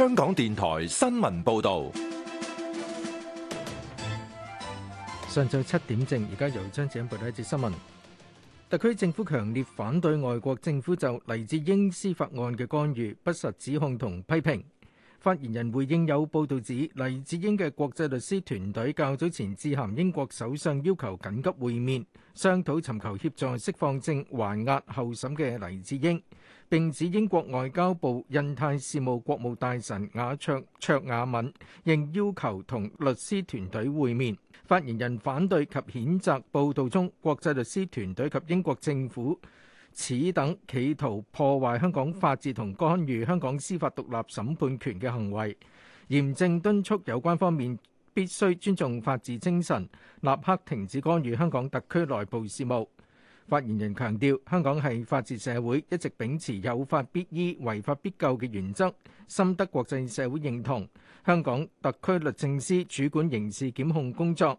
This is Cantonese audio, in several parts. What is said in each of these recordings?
香港電台新聞報道，上晝七點正，而家由張姐報道第一節新聞。特區政府強烈反對外國政府就《黎智英司法案》嘅干預、不實指控同批評。發言人回應有報道指黎智英嘅國際律師團隊較早前致函英國首相，要求緊急會面，商討尋求協助釋放正還押候審嘅黎智英。並指英國外交部印太事務國務大臣雅卓卓雅敏應要求同律師團隊會面。發言人反對及譴責報道中國際律師團隊及英國政府。此等企圖破壞香港法治同干預香港司法獨立審判權嘅行為，嚴正敦促有關方面必須尊重法治精神，立刻停止干預香港特區內部事務。發言人強調，香港係法治社會，一直秉持有法必依、違法必究嘅原則，深得國際社會認同。香港特區律政司主管刑事檢控工作。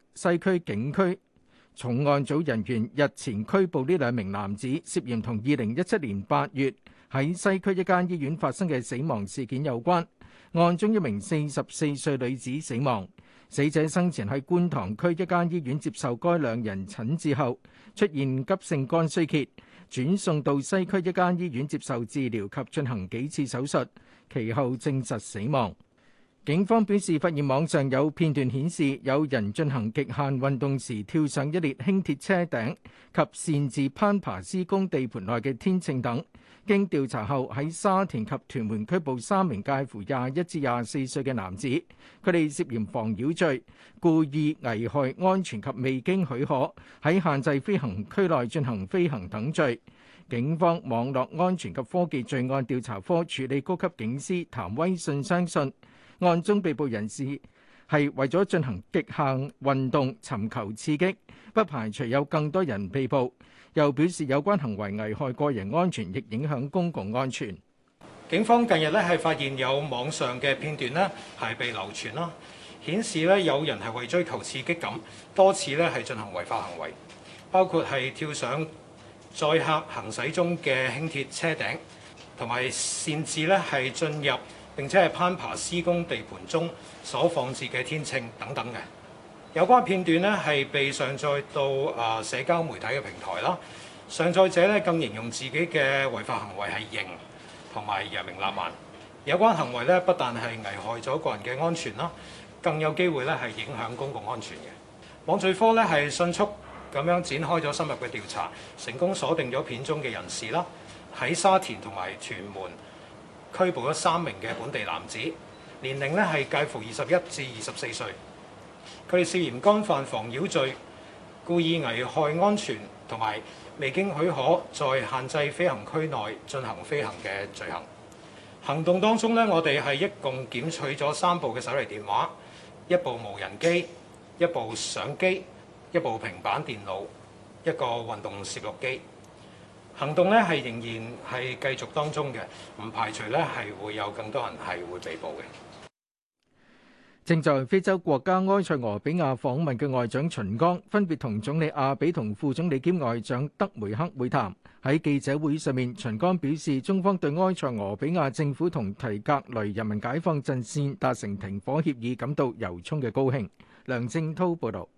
西區警區重案組人員日前拘捕呢兩名男子，涉嫌同二零一七年八月喺西區一間醫院發生嘅死亡事件有關。案中一名四十四歲女子死亡，死者生前喺觀塘區一間醫院接受該兩人診治後，出現急性肝衰竭，轉送到西區一間醫院接受治療及進行幾次手術，其後證實死亡。警方表示，發現網上有片段顯示有人進行極限運動時跳上一列輕鐵車頂及擅自攀爬施工地盤內嘅天秤等。經調查後，喺沙田及屯門拘捕三名介乎廿一至廿四歲嘅男子，佢哋涉嫌妨擾罪、故意危害安全及未經許可喺限制飛行區內進行飛行等罪。警方網絡安全及科技罪案調查科處理高級警司譚威信相信。案中被捕人士係為咗進行極限運動尋求刺激，不排除有更多人被捕。又表示有關行為危害個人安全，亦影響公共安全。警方近日咧係發現有網上嘅片段咧係被流傳啦，顯示咧有人係為追求刺激感，多次咧係進行違法行為，包括係跳上載客行駛中嘅輕鐵車頂，同埋擅自咧係進入。.並且係攀爬施工地盤中所放置嘅天秤等等嘅有關片段呢係被上載到誒社交媒體嘅平台啦。上載者咧更形容自己嘅違法行為係認同埋揚名立萬。有關行為咧不但係危害咗個人嘅安全啦，更有機會咧係影響公共安全嘅。網罪科咧係迅速咁樣展開咗深入嘅調查，成功鎖定咗片中嘅人士啦，喺沙田同埋屯門，拘捕咗三名嘅本地男子，年齡呢係介乎二十一至二十四歲，佢哋涉嫌干犯妨擾罪、故意危害安全同埋未經許可在限制飛行區內進行飛行嘅罪行。行動當中咧，我哋係一共檢取咗三部嘅手提電話，一部無人機，一部相機，一部平板電腦，一個運動攝錄機。行動咧係仍然係繼續當中嘅，唔排除咧係會有更多人係會被捕嘅。正在非洲國家埃塞俄比亞訪問嘅外長秦剛，分別同總理阿比同副總理兼外長德梅克會談。喺記者會上面，秦剛表示，中方對埃塞俄比亞政府同提格雷人民解放陣線達成停火協議感到由衷嘅高興。梁正滔報導。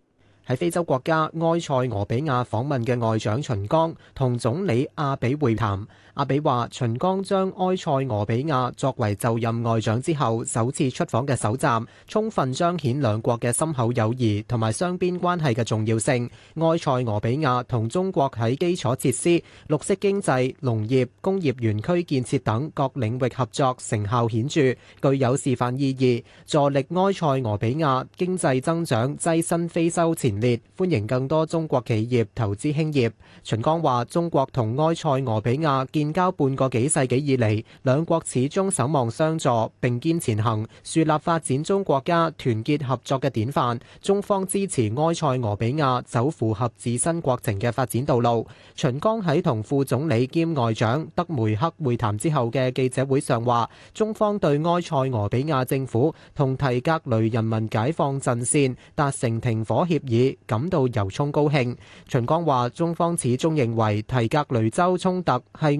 喺非洲國家埃塞俄比亞訪問嘅外長秦剛同總理阿比會談。阿比話：秦剛將埃塞俄比亞作為就任外長之後首次出訪嘅首站，充分彰顯兩國嘅深厚友誼同埋雙邊關係嘅重要性。埃塞俄比亞同中國喺基礎設施、綠色經濟、農業、工業園區建設等各領域合作成效顯著，具有示範意義，助力埃塞俄比亞經濟增長躋身非洲前列，歡迎更多中國企業投資興業。秦剛話：中國同埃塞俄比亞建交半個幾世紀以嚟，兩國始終守望相助、並肩前行，樹立發展中國家團結合作嘅典範。中方支持埃塞俄比亞走符合自身國情嘅發展道路。秦剛喺同副總理兼外長德梅克會談之後嘅記者會上話，中方對埃塞俄比亞政府同提格雷人民解放陣線達成停火協議感到由衷高興。秦剛話，中方始終認為提格雷州衝突係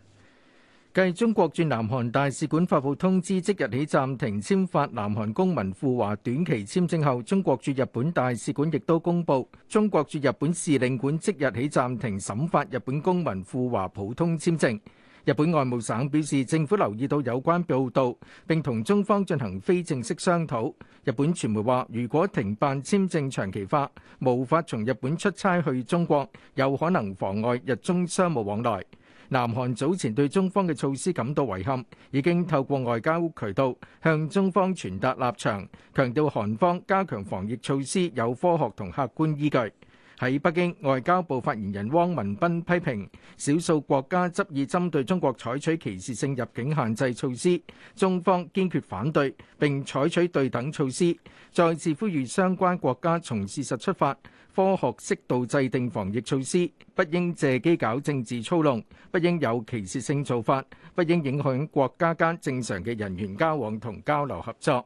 繼中國駐南韓大使館發布通知即日起暫停簽發南韓公民赴華短期簽證後，中國駐日本大使館亦都公布，中國駐日本使領館即日起暫停審發日本公民赴華普通簽證。日本外務省表示，政府留意到有關報道，並同中方進行非正式商討。日本傳媒話，如果停辦簽證長期化，無法從日本出差去中國，有可能妨礙日中商務往來。南韓早前對中方嘅措施感到遺憾，已經透過外交渠道向中方傳達立場，強調韓方加強防疫措施有科學同客觀依據。喺北京，外交部發言人汪文斌批評，少數國家執意針對中國採取歧視性入境限制措施，中方堅決反對，并采取對等措施，再次呼籲相關國家從事實出發，科學適度制定防疫措施，不應借機搞政治操弄，不應有歧視性做法，不應影響國家間正常嘅人員交往同交流合作。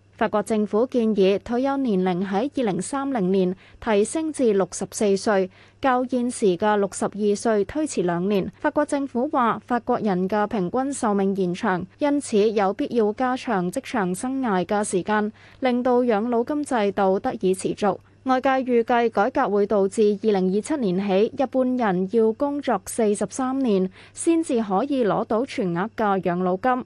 法國政府建議退休年齡喺二零三零年提升至六十四歲，較現時嘅六十二歲推遲兩年。法國政府話，法國人嘅平均壽命延長，因此有必要加長職場生涯嘅時間，令到養老金制度得以持續。外界預計改革會導致二零二七年起，一般人要工作四十三年先至可以攞到全額嘅養老金。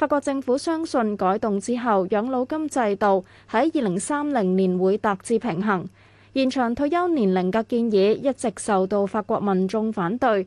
法國政府相信改動之後，養老金制度喺二零三零年會達至平衡。延長退休年齡嘅建議一直受到法國民眾反對。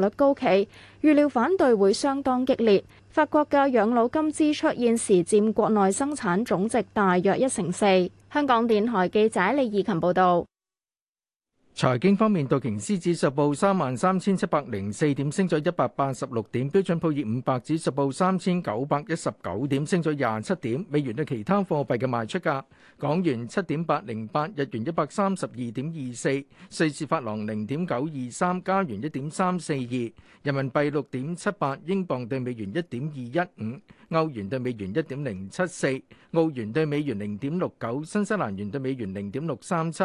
率高企，預料反對會相當激烈。法國嘅養老金支出現時佔國內生產總值大約一成四。香港電台記者李怡勤報道。財經方面，道瓊斯指數報三萬三千七百零四點，升咗一百八十六點；標準普爾五百指數報三千九百一十九點，升咗廿七點。美元對其他貨幣嘅賣出價：港元七點八零八，日元一百三十二點二四，瑞士法郎零點九二三，加元一點三四二，人民幣六點七八，英鎊兌美元一點二一五，歐元兌美元一點零七四，澳元兌美元零點六九，新西蘭元兌美元零點六三七。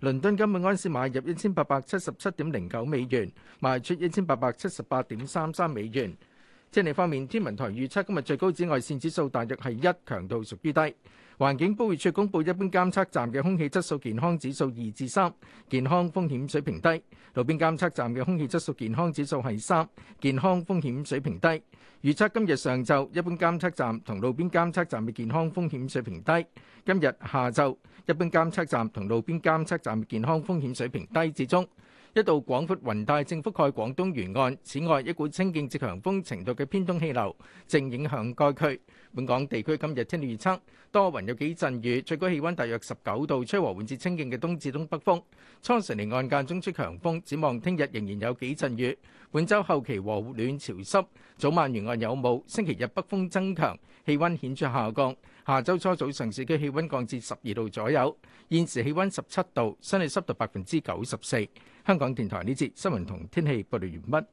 倫敦金每盎司買入一千八百七十七點零九美元，賣出一千八百七十八點三三美元。天氣方面，天文台預測今日最高紫外線指數大約係一，強度屬於低。環境保護署公布一般監測站嘅空氣質素健康指數二至三，健康風險水平低。路邊監測站嘅空氣質素健康指數係三，健康風險水平低。預測今日上晝一般監測站同路邊監測站嘅健康風險水平低。今日下晝一般監測站同路邊監測站嘅健康風險水平低至中。一道廣闊雲帶正覆蓋廣東沿岸。此外，一股清勁至強風程度嘅偏東氣流正影響該區。本港地區今日天氣預測多雲，有幾陣雨，最高氣溫大約十九度，吹和緩至清勁嘅東至東北風。初晨沿岸間中吹強風，展望聽日仍然有幾陣雨。本週後期和暖潮濕，早晚沿岸有霧。星期日北風增強，氣溫顯著下降。下周初早上市區氣溫降至十二度左右。現時氣溫十七度，室內濕度百分之九十四。香港電台呢節新聞同天氣報道完畢。